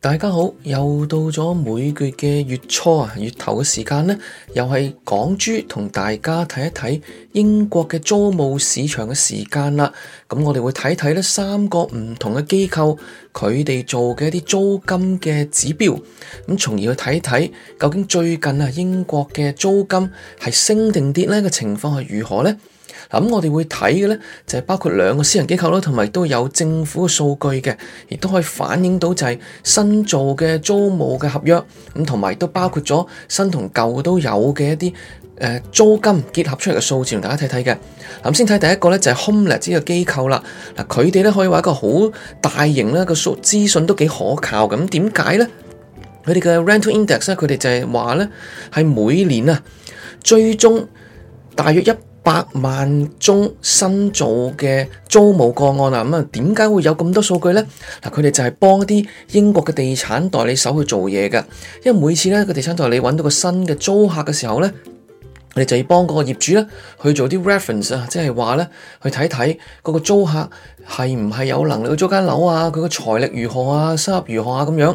大家好，又到咗每個月嘅月初啊，月頭嘅時間呢，又係港豬同大家睇一睇英國嘅租務市場嘅時間啦。咁我哋會睇睇呢三個唔同嘅機構，佢哋做嘅一啲租金嘅指標，咁從而去睇一睇究竟最近啊英國嘅租金係升定跌呢？個情況係如何呢？咁我哋會睇嘅咧就係包括兩個私人機構啦，同埋都有政府嘅數據嘅，亦都可以反映到就係新做嘅租務嘅合約，咁同埋都包括咗新同舊都有嘅一啲誒租金結合出嚟嘅數字，同大家睇睇嘅。咁先睇第一個咧就係 Homelet 呢個機構啦，嗱佢哋咧可以話一個好大型啦個數資訊都幾可靠咁，點解咧？佢哋嘅 Rental Index 咧，佢哋就係話咧係每年啊最終大約一。百萬宗新造嘅租務個案啊，咁啊，點解會有咁多數據呢？嗱，佢哋就係幫啲英國嘅地產代理手去做嘢㗎，因為每次呢，個地產代理揾到個新嘅租客嘅時候呢，佢哋就要幫嗰個業主呢去做啲 reference 啊，即係話呢，去睇睇嗰個租客係唔係有能力去租間樓啊，佢個財力如何啊，收入如何啊咁樣。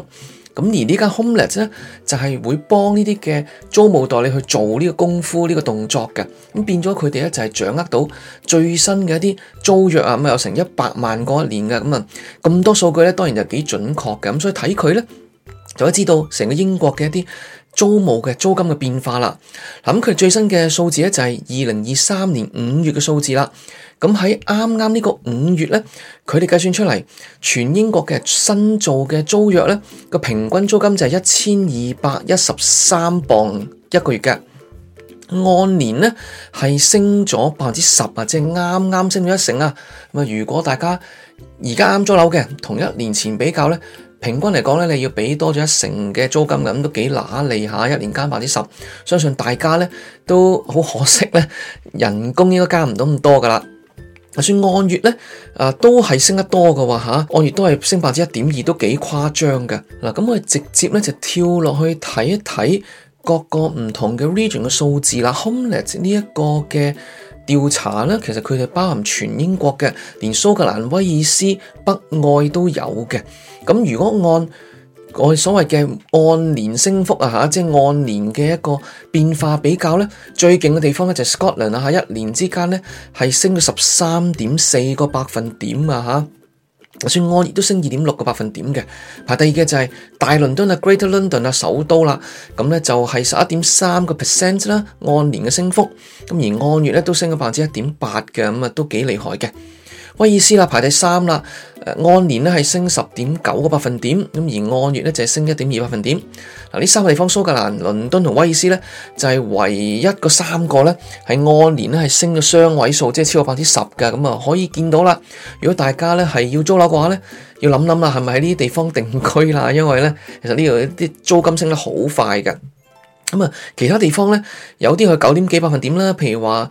咁而呢間 HomeLet 咧，就係、是、會幫呢啲嘅租務代理去做呢個功夫、呢個動作嘅，咁變咗佢哋咧就係掌握到最新嘅一啲租約啊，咁啊有成一百萬嗰一年嘅，咁啊咁多數據咧當然就幾準確嘅，咁所以睇佢咧就可以知道成個英國嘅一啲，租務嘅租金嘅變化啦，咁佢最新嘅數字咧就係二零二三年五月嘅數字啦。咁喺啱啱呢個五月咧，佢哋計算出嚟，全英國嘅新造嘅租約咧，個平均租金就係一千二百一十三磅一個月嘅，按年咧係升咗百分之十啊，即係啱啱升咗一成啊。咁啊，如果大家而家啱租樓嘅，同一年前比較咧。平均嚟講咧，你要俾多咗一成嘅租金咁，都幾嗱利下。一年加百分之十，相信大家咧都好可惜咧，人工應該加唔到咁多噶啦。就算按月咧，啊都係升得多嘅喎嚇，按月都係升百分之一點二，都幾誇張嘅。嗱，咁我哋直接咧就跳落去睇一睇各個唔同嘅 region 嘅數字啦。HomeLet 呢一個嘅。調查呢，其實佢哋包含全英國嘅，連蘇格蘭、威爾斯、北愛都有嘅。咁如果按我哋所謂嘅按年升幅啊，嚇，即係按年嘅一個變化比較呢，最勁嘅地方咧就係 Scotland 啊，嚇，一年之間咧係升咗十三點四個百分點啊，嚇。就算按月都升二點六個百分點嘅，排第二嘅就係大倫敦啊，Greater London 啊，首都啦，咁呢就係十一點三個 percent 啦，按年嘅升幅，咁而按月呢都升咗百分之一點八嘅，咁啊都幾厲害嘅。威爾斯啦，排第三啦。按年咧係升十點九個百分點，咁而按月咧就係升一點二百分點。嗱，呢三個地方蘇格蘭、倫敦同威爾斯咧，就係、是、唯一個三個咧係按年咧係升咗雙位數，即係超過百分之十嘅。咁啊，可以見到啦。如果大家咧係要租樓嘅話咧，要諗諗啦，係咪喺呢啲地方定居啦？因為咧，其實呢度啲租金升得好快嘅。咁啊，其他地方咧有啲去九點幾百分點啦，譬如話。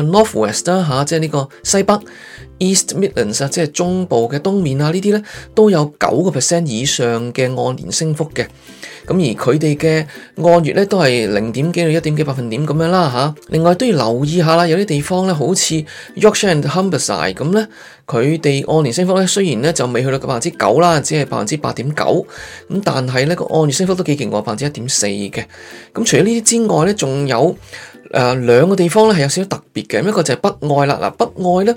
Northwest 即係呢個西北；East Midlands 啊，即係中部嘅東面啊，呢啲呢都有九個 percent 以上嘅按年升幅嘅。咁、啊、而佢哋嘅按月呢都係零點幾到一點幾百分點咁樣啦嚇、啊。另外都要留意一下啦，有啲地方呢好似 Yorkshire and Humberside 咁呢，佢哋按年升幅呢雖然呢就未去到百分之九啦，只係百分之八點九。咁、啊、但係呢個按月升幅都幾勁喎，百分之一點四嘅。咁、啊、除咗呢啲之外呢，仲有。誒兩個地方咧係有少少特別嘅，一個就係北愛啦。嗱，北愛咧，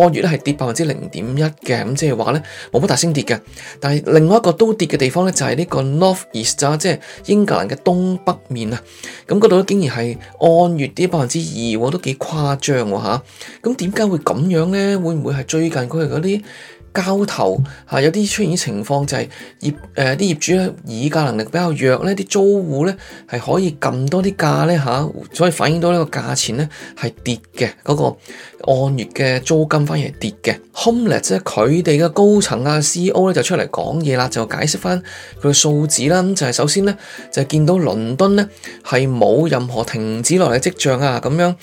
按月咧係跌百分之零點一嘅，咁即係話咧冇乜大升跌嘅。但係另外一個都跌嘅地方咧，就係呢個 North East 啊，即係英格蘭嘅東北面啊。咁嗰度咧竟然係按月跌百分之二喎，都幾誇張喎，嚇。咁點解會咁樣咧？會唔會係最近佢嗰啲？交投有啲出現啲情況就係啲業,、呃、業主咧議價能力比較弱咧，啲租戶咧係可以撳多啲價咧嚇、啊，所以反映到呢個價錢咧係跌嘅嗰、那個按月嘅租金反而係跌嘅。Homelet 即係佢哋嘅高層啊 CEO 咧就出嚟講嘢啦，就解釋翻佢嘅數字啦。咁就係、是、首先咧就係見到倫敦咧係冇任何停止落嚟嘅跡象啊，咁樣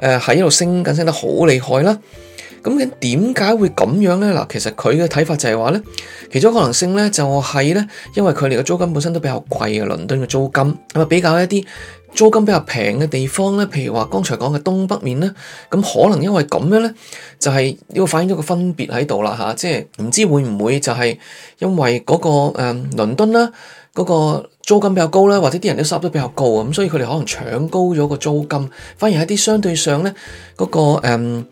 誒喺度升緊，升得好厲害啦。咁點解會咁樣呢？嗱，其實佢嘅睇法就係話呢，其中可能性呢，就係呢，因為佢哋嘅租金本身都比較貴嘅，倫敦嘅租金咁啊，比較一啲租金比較平嘅地方呢，譬如話剛才講嘅東北面呢，咁可能因為咁樣呢，就係呢個反映咗個分別喺度啦吓，即係唔知會唔會就係因為嗰個誒倫敦啦嗰個租金比較高啦，或者啲人都收入都比較高啊，咁所以佢哋可能搶高咗個租金，反而喺啲相對上呢，嗰個、嗯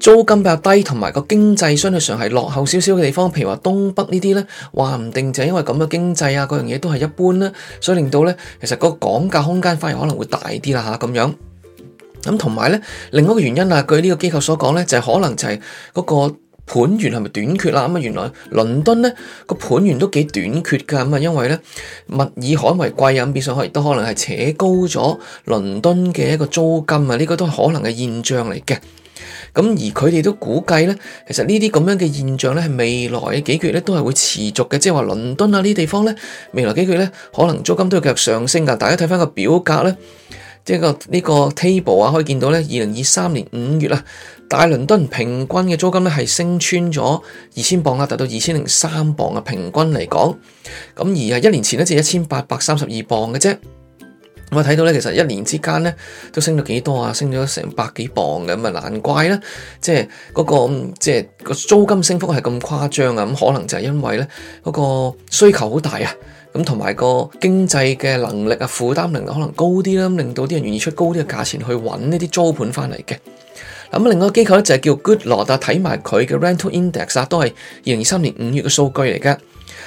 租金比較低，同埋個經濟相對上係落後少少嘅地方，譬如話東北呢啲咧，話唔定就係因為咁嘅經濟啊，嗰樣嘢都係一般啦，所以令到咧其實個講價空間反而可能會大啲啦吓咁樣。咁同埋咧，另外一個原因啊，據呢個機構所講咧，就係、是、可能就係嗰個盤源係咪短缺啦？咁啊，原來倫敦咧個盤源都幾短缺㗎，咁啊，因為咧物以罕為貴啊，變、嗯、相可以都可能係扯高咗倫敦嘅一個租金啊，呢、這個都係可能嘅現象嚟嘅。咁而佢哋都估計咧，其實呢啲咁樣嘅現象咧，係未來幾個月咧都係會持續嘅，即係話倫敦啊呢啲地方咧，未來幾個月咧可能租金都會繼續上升噶。大家睇翻個表格咧，即係個呢個 table 啊，可以見到咧，二零二三年五月啊，大倫敦平均嘅租金咧係升穿咗二千磅啊，達到二千零三磅啊，平均嚟講，咁而係一年前咧就一千八百三十二磅嘅啫。咁睇到呢，其實一年之間呢都升咗幾多啊？升咗成百幾磅嘅，咁啊，難怪啦，即係嗰個即係、就是、個租金升幅係咁誇張啊！咁可能就係因為呢嗰個需求好大啊，咁同埋個經濟嘅能力啊，負擔能力可能高啲啦，令到啲人願意出高啲嘅價錢去揾呢啲租盤返嚟嘅。咁另外一個機構咧就係、是、叫 Good Lord。睇埋佢嘅 Rental Index 啊，都係二零二三年五月嘅數據嚟㗎。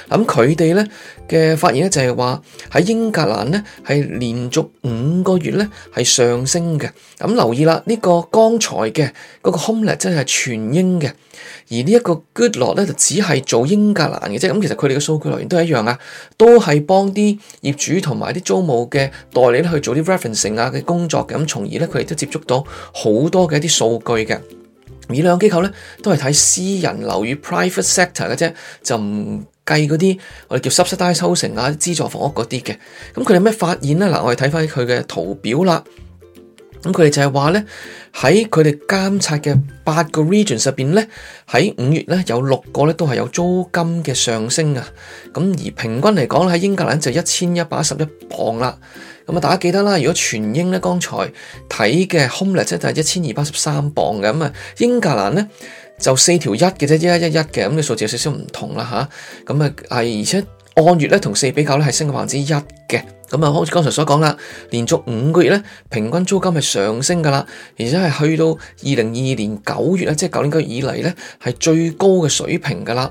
咁佢哋咧嘅發現咧就係話喺英格蘭咧係連續五個月咧係上升嘅。咁留意啦，呢、這個剛才嘅嗰、那個 Comlet 真係全英嘅，而呢一個 Good 落咧就只係做英格蘭嘅啫。咁其實佢哋嘅數據來源都一樣啊，都係幫啲業主同埋啲租務嘅代理咧去做啲 referencing 啊嘅工作，咁從而咧佢哋都接觸到好多嘅一啲數據嘅。而兩個機構咧都係睇私人流宇 private sector 嘅啫，就唔。計嗰啲我哋叫 subsidy 收成啊，資助房屋嗰啲嘅，咁佢哋咩發現咧？嗱，我哋睇翻佢嘅圖表啦。咁佢哋就係話咧，喺佢哋監察嘅八個 region 入面咧，喺五月咧有六個咧都係有租金嘅上升啊。咁而平均嚟講喺英格蘭就一千一百一十一磅啦。咁啊，大家記得啦，如果全英咧，剛才睇嘅 homelet 咧就係一千二百一十三磅嘅。咁啊，英格蘭咧。就四條一嘅啫，一一一嘅，咁、那、嘅、個、數字有少少唔同啦嚇，咁啊而且按月呢，同四比九呢，係升百分之一嘅，咁啊好似剛才所講啦，連續五個月呢，平均租金係上升㗎啦，而且係去到二零二二年九月,、就是、9年9月呢，即係九年九月以嚟呢，係最高嘅水平㗎啦。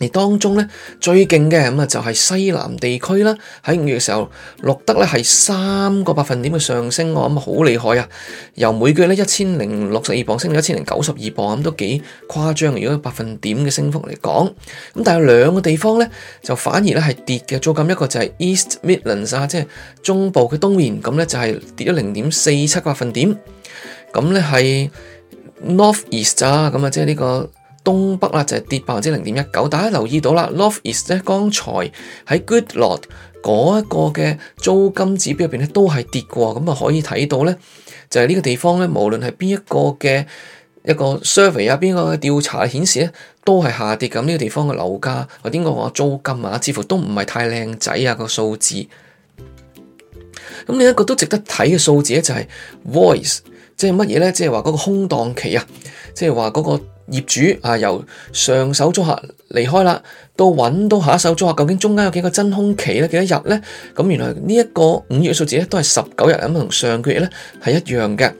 而當中咧最勁嘅咁啊就係西南地區啦，喺五月嘅時候錄得咧係三個百分點嘅上升，咁啊好厲害啊！由每個月咧一千零六十二磅升到一千零九十二磅，咁都幾誇張。如果有百分點嘅升幅嚟講，咁但係有兩個地方咧就反而咧係跌嘅。租金，一個就係 East Midlands 啊，即係中部嘅東面，咁咧就係跌咗零點四七百分點。咁咧係 North East 啊，咁啊即係呢個，東北啦，就係跌百分之零點一九。大家留意到啦，North East 咧，剛才喺 Goodlord 嗰一個嘅租金指標入邊咧，都係跌過喎。咁啊，可以睇到咧，就係、是、呢個地方咧，無論係邊一個嘅一個 survey 啊，邊個嘅調查顯示咧，都係下跌咁。呢個地方嘅樓價或點講話租金啊，似乎都唔係太靚仔啊、個數字。咁另一個都值得睇嘅數字咧，就係、是、Voice，即係乜嘢咧？即係話嗰個空檔期啊，即係話嗰個。業主啊，由上手租客離開啦，到揾到下一手租客，究竟中間有幾個真空期呢？幾多日呢？咁原來呢一個五月數字都係十九日咁，同上個月咧係一樣嘅。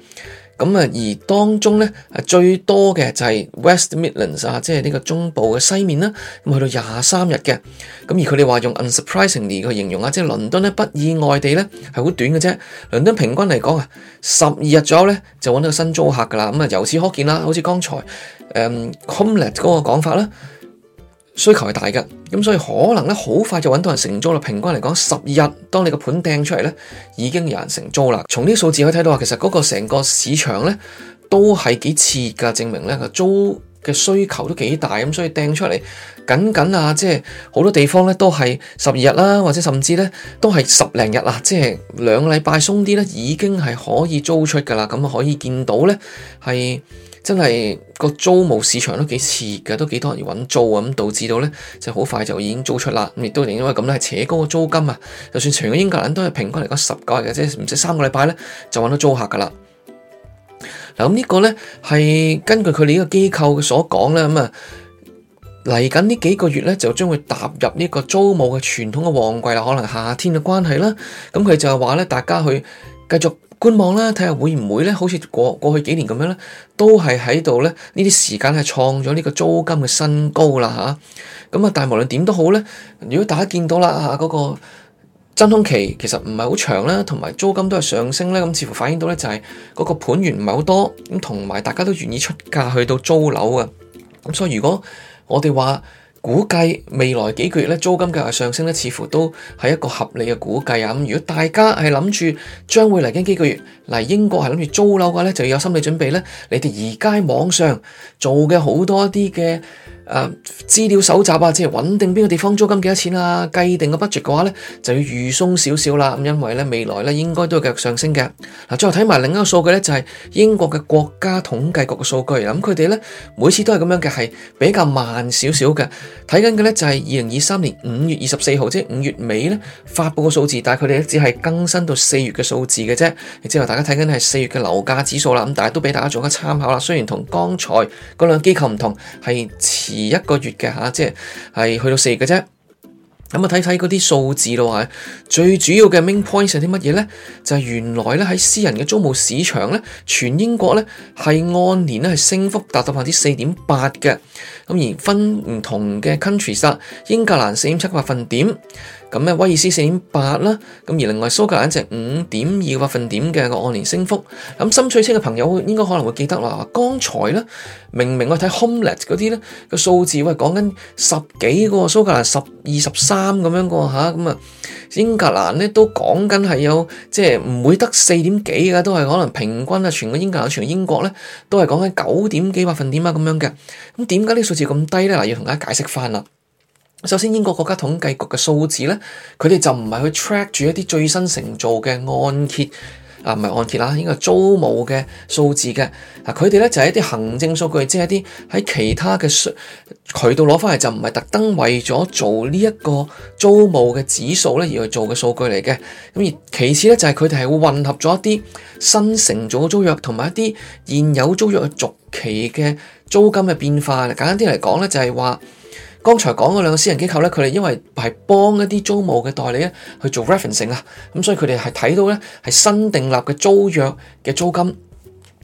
咁啊，而當中咧最多嘅就係 West Midlands 啊，即係呢個中部嘅西面啦。咁、啊、去到廿三日嘅，咁而佢哋話用 unsurprisingly 去形容啊，即係倫敦咧不意外地咧係好短嘅啫。倫敦平均嚟講啊，十二日左右咧就搵到新租客噶啦。咁啊，由此可見啦，好似剛才誒 HomeLet、um, 嗰個講法啦。需求係大嘅，咁所以可能咧好快就揾到人承租啦。平均嚟講，十二日當你個盤掟出嚟咧，已經有人承租啦。從呢啲數字可以睇到啊，其實嗰個成個市場咧都係幾熾噶，證明咧租嘅需求都幾大咁，所以掟出嚟，僅僅啊，即係好多地方咧都係十二日啦，或者甚至咧都係十零日啊，即係兩禮拜鬆啲咧，已經係可以租出噶啦。咁啊可以見到咧係。是真係個租務市場都幾似㗎，嘅，都幾多人要揾租呀，咁導致到呢就好快就已經租出啦。咁亦都係因為咁係扯高個租金啊。就算全個英格蘭都係平均嚟講十九日嘅啫，唔使三個禮拜呢，就揾到租客噶啦。嗱，咁呢個呢係根據佢哋呢個機構嘅所講呢。咁啊嚟緊呢幾個月呢，就將會踏入呢個租務嘅傳統嘅旺季啦。可能夏天嘅關係啦，咁佢就係話呢，大家去繼續觀望咧，睇下會唔會咧，好似過過去幾年咁樣咧，都係喺度咧，呢啲時間係創咗呢個租金嘅新高啦吓。咁啊，但係無論點都好咧，如果大家見到啦啊嗰個真空期其實唔係好長啦，同埋租金都係上升咧，咁似乎反映到咧就係嗰個盤源唔係好多，咁同埋大家都願意出價去到租樓啊。咁所以如果我哋話，估計未來幾個月租金價格上升似乎都係一個合理嘅估計。如果大家係諗住將會嚟緊幾個月來英國係諗住租樓嘅咧，就要有心理準備。你哋而家網上做嘅好多一啲嘅。誒、啊、資料搜集啊，即係揾定邊個地方租金幾多錢啊，計定個 budget 嘅話呢，就要預鬆少少啦。咁因為呢，未來呢應該都會繼續上升嘅。嗱，最後睇埋另一個數據呢，就係、是、英國嘅國家統計局嘅數據。咁佢哋呢，每次都係咁樣嘅，係比較慢少少嘅。睇緊嘅呢，就係二零二三年五月二十四號，即係五月尾呢，發佈嘅數字，但係佢哋呢只係更新到四月嘅數字嘅啫。之後大家睇緊係四月嘅樓價指數啦。咁但係都俾大家做一個參考啦。雖然同剛才嗰兩機構唔同，係而一個月嘅吓，即係去到四月嘅啫。咁啊，睇睇嗰啲數字咯。最主要嘅 main point 係啲乜嘢咧？就係、是、原來咧，喺私人嘅租務市場咧，全英國咧係按年咧係升幅達到百分之四點八嘅。咁而分唔同嘅 country，實英格蘭四點七個百分點。咁啊威爾斯四點八啦，咁而另外蘇格蘭就五點二百分點嘅按年升幅，咁心水清嘅朋友應該可能會記得啦，剛才咧明明我睇 Homelet 嗰啲咧個數字，喂，講緊十幾個蘇格蘭十二十三咁樣個吓，咁啊英格蘭咧都講緊係有即係唔會得四點幾嘅，都係、就是、可能平均啊，全個英格蘭全英國咧都係講緊九點幾百分點啊咁樣嘅，咁點解呢個數字咁低咧？嗱，要同大家解釋返啦。首先，英國國家統計局嘅數字咧，佢哋就唔係去 track 住一啲最新承造嘅按揭，啊唔係按揭啦，應該係租務嘅數字嘅。啊，佢哋咧就係一啲行政數據，即係一啲喺其他嘅渠道攞翻嚟，就唔係特登為咗做呢一個租務嘅指數咧而去做嘅數據嚟嘅。咁而其次咧，就係佢哋係會混合咗一啲新承造嘅租約，同埋一啲現有租約嘅續期嘅租金嘅變化。簡單啲嚟講咧，就係話。剛才講嗰兩個私人機構呢，佢哋因為係幫一啲租務嘅代理去做 referencing 啊，咁所以佢哋係睇到呢係新訂立嘅租約嘅租金，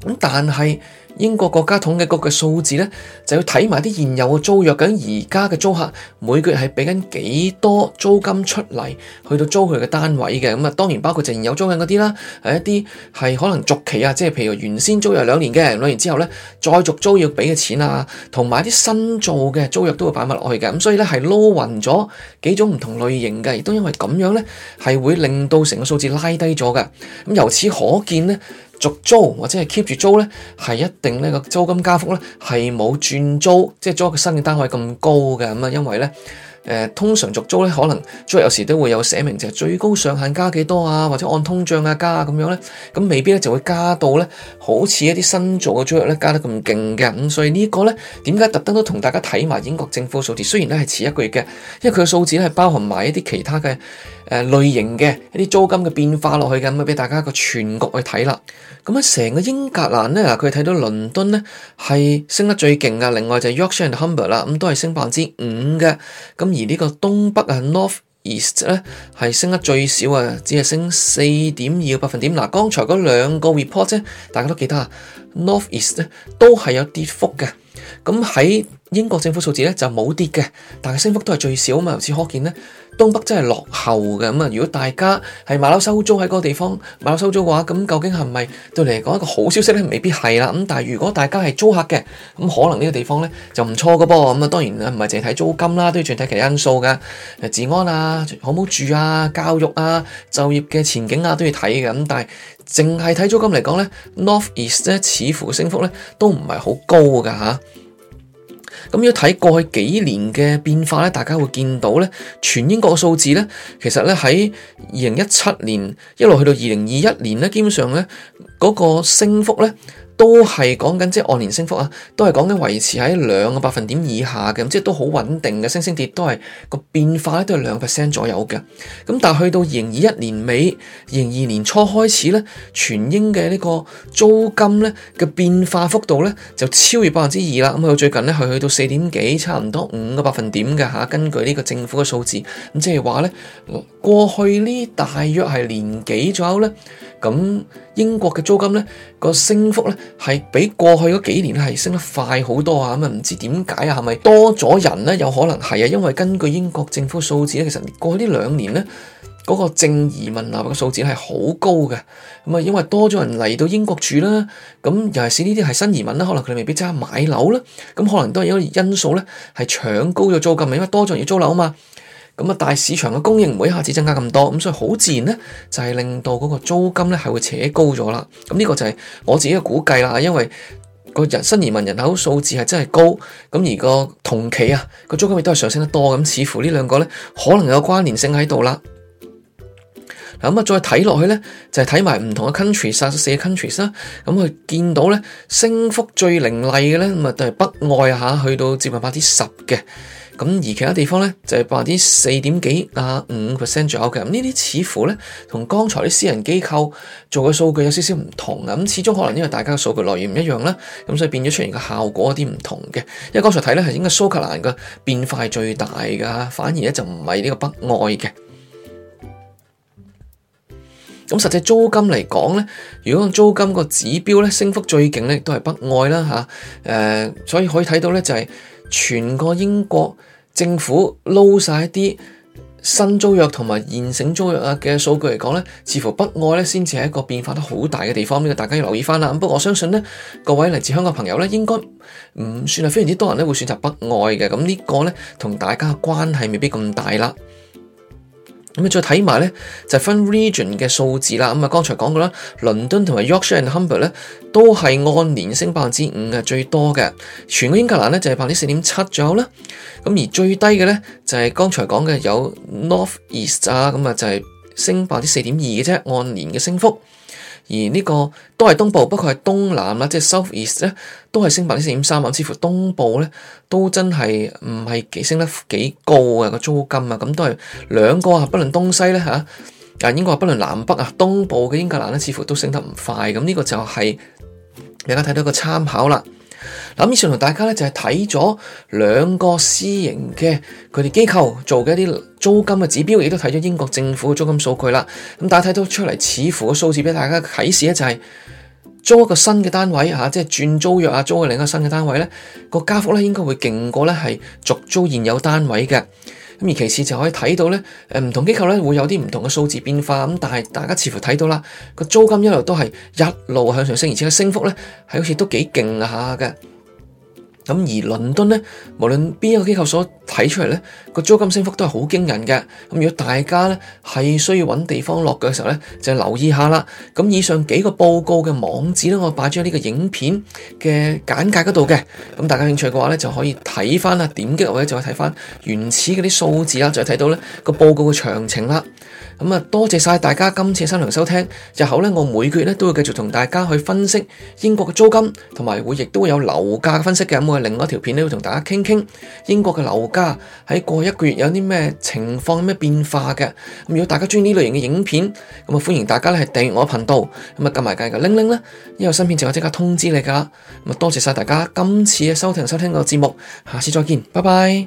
咁但係。英國國家統計局嘅數字咧，就要睇埋啲現有嘅租約，緊而家嘅租客每個月係俾緊幾多租金出嚟去到租佢嘅單位嘅。咁啊，當然包括現有租緊嗰啲啦，係一啲係可能續期啊，即係譬如原先租約兩年嘅，兩年之後咧再續租約俾嘅錢啊，同埋啲新做嘅租約都會擺埋落去嘅。咁所以咧係撈勻咗幾種唔同類型嘅，亦都因為咁樣咧係會令到成個數字拉低咗嘅。咁由此可見咧。續租或者係 keep 住租呢，係一定呢個租金加幅呢，係冇轉租，即係租一個新嘅單位咁高㗎。咁啊，因為呢。誒通常續租咧，可能租約有時都會有寫明就係最高上限加幾多啊，或者按通脹啊加啊咁樣咧，咁未必咧就會加到咧好似一啲新造嘅租約咧加得咁勁嘅，咁所以個呢個咧點解特登都同大家睇埋英國政府數字，雖然咧係遲一個月嘅，因為佢嘅數字咧係包含埋一啲其他嘅誒類型嘅一啲租金嘅變化落去嘅，咁俾大家一個全局去睇啦。咁啊成個英格蘭咧嗱，佢睇到倫敦咧係升得最勁嘅，另外就 Yorkshire and Humber 啦，咁都係升百分之五嘅，咁。而呢個東北啊，North East 咧係升得最少是啊，只係升四點二個百分點。嗱，剛才嗰兩個 report 啫，大家都記得啊，North East 呢都係有跌幅嘅。咁喺英國政府數字咧就冇跌嘅，但係升幅都係最少啊嘛。由此可見咧，東北真係落後嘅咁啊。如果大家係買樓收租，喺嗰個地方買樓收租嘅話，咁究竟係咪對你嚟講一個好消息咧？未必係啦。咁但係如果大家係租客嘅，咁可能呢個地方咧就唔錯嘅噃。咁啊當然唔係淨係睇租金啦，都要仲睇其他因素嘅，治安啊、好唔好住啊、教育啊、就業嘅前景啊都要睇嘅。咁但係淨係睇租金嚟講咧，North East 咧似乎升幅咧都唔係好高㗎。咁要睇過去幾年嘅變化咧，大家會見到咧，全英國嘅數字咧，其實咧喺二零一七年一路去到二零二一年咧，基本上咧。嗰個升幅咧，都係講緊即係按年升幅啊，都係講緊維持喺兩個百分點以下嘅，咁即係都好穩定嘅。升升跌都係個變化咧，都係兩 percent 左右嘅。咁但係去到二零二一年尾、二零二年初開始咧，全英嘅呢個租金咧嘅變化幅度咧就超越百分之二啦。咁到最近咧係去到四點幾，差唔多五個百分點嘅嚇。根據呢個政府嘅數字，咁即係話咧，過去呢大約係年幾左右咧？咁英國嘅租金呢、嗰個升幅呢，係比過去嗰幾年係升得快好多啊。咁啊，唔知點解呀？係咪多咗人呢？有可能係因為，根據英國政府數字呢，其實過去呢兩年呢，嗰、嗰個淨移民流嘅數字係好高㗎。咁啊，因為多咗人嚟到英國住啦。咁尤其係呢啲係新移民啦，可能佢未必真係買樓啦，咁可能都係一個因素呢，係搶高咗租金，因為多咗人要租樓嘛。咁大市場嘅供應唔會一下子增加咁多，咁所以好自然呢，就係令到嗰個租金呢係會扯高咗啦。咁呢個就係我自己嘅估計啦，因為個人新移民人口數字係真係高，咁而個同期啊個租金亦都係上升得多，咁似乎呢兩個呢，可能有關聯性喺度啦。咁啊，再睇落去呢，就係睇埋唔同嘅 country，三十四嘅 country 啦。咁佢見到呢，升幅最凌厲嘅呢，咁啊係北外下去到接近百分之十嘅。咁而其他地方呢，就係百分之四點幾啊五 percent 左右嘅，咁呢啲似乎呢，同剛才啲私人機構做嘅數據有少少唔同，咁始終可能因為大家嘅數據來源唔一樣啦，咁所以變咗出現嘅效果有啲唔同嘅。因為剛才睇呢，係應該蘇格蘭嘅變化係最大噶，反而呢就唔係呢個北愛嘅。咁實際租金嚟講呢，如果用租金個指標呢，升幅最勁呢都係北愛啦吓，誒、啊，所以可以睇到呢就係、是。全個英國政府撈曬啲新租約同埋現成租約嘅數據嚟講，呢，似乎北愛咧先至係一個變化得好大嘅地方，呢、這個大家要留意返啦。不過我相信呢，各位嚟自香港嘅朋友呢，應該唔算係非常之多人咧會選擇北愛嘅，咁呢個呢，同大家嘅關係未必咁大啦。咁再睇埋呢，就係、分 region 嘅數字啦。咁啊，剛才講過啦，倫敦同埋 Yorkshire and Humber 呢，都係按年升百分之五嘅最多嘅。全個英格蘭呢，就係百分之四點七左右啦。咁而最低嘅呢，就係剛才講嘅有 North East 啊，咁就係升百分之四點二嘅啫，按年嘅升幅。而呢個都係東部，不過係東南啦，即、就、係、是、South East 呢都係升百分之四點三，似乎東部呢都真係唔係幾升得幾高啊個租金啊，咁都係兩個啊，不論東西呢，啊應該國不論南北啊，東部嘅英格蘭呢，似乎都升得唔快，咁呢個就係、是、大家睇到一個參考啦。嗱，以上同大家咧就係睇咗兩個私營嘅佢哋機構做嘅一啲租金嘅指標，亦都睇咗英國政府嘅租金數據啦。咁大家睇到出嚟，似乎個數字俾大家啟示咧，就係、是、租一個新嘅單位吓，即係轉租約啊，租個另一個新嘅單位咧，個加幅咧應該會勁過咧係續租現有單位嘅。咁而其次就可以睇到呢，唔同機構呢會有啲唔同嘅數字變化，咁但係大家似乎睇到啦，個租金一路都係一路向上升，而且個升幅呢係好似都幾勁下嘅。咁而倫敦呢，無論邊一個機構所睇出嚟呢個租金升幅都係好驚人嘅。咁如果大家呢係需要揾地方落嘅時候呢，就留意下啦。咁以上幾個報告嘅網址呢，我擺咗喺呢個影片嘅簡介嗰度嘅。咁大家興趣嘅話呢，就可以睇翻啦，點擊或者就可以睇翻原始嗰啲數字啦，就睇到呢個報告嘅詳情啦。咁啊，多謝晒大家今次嘅收聽收聽，日後呢，我每個月呢都會繼續同大家去分析英國嘅租金，同埋會亦都會有樓價嘅分析嘅，我另外一條片呢，會同大家傾傾英國嘅樓價喺過一個月有啲咩情況有咩變化嘅，咁如果大家鍾意呢類型嘅影片，咁啊歡迎大家咧係訂閱我頻道，咁啊撳埋隔籬鈴鈴啦，呢個新片就我即刻通知你噶啦，咁啊多謝晒大家今次嘅收聽收聽個節目，下次再見，拜拜。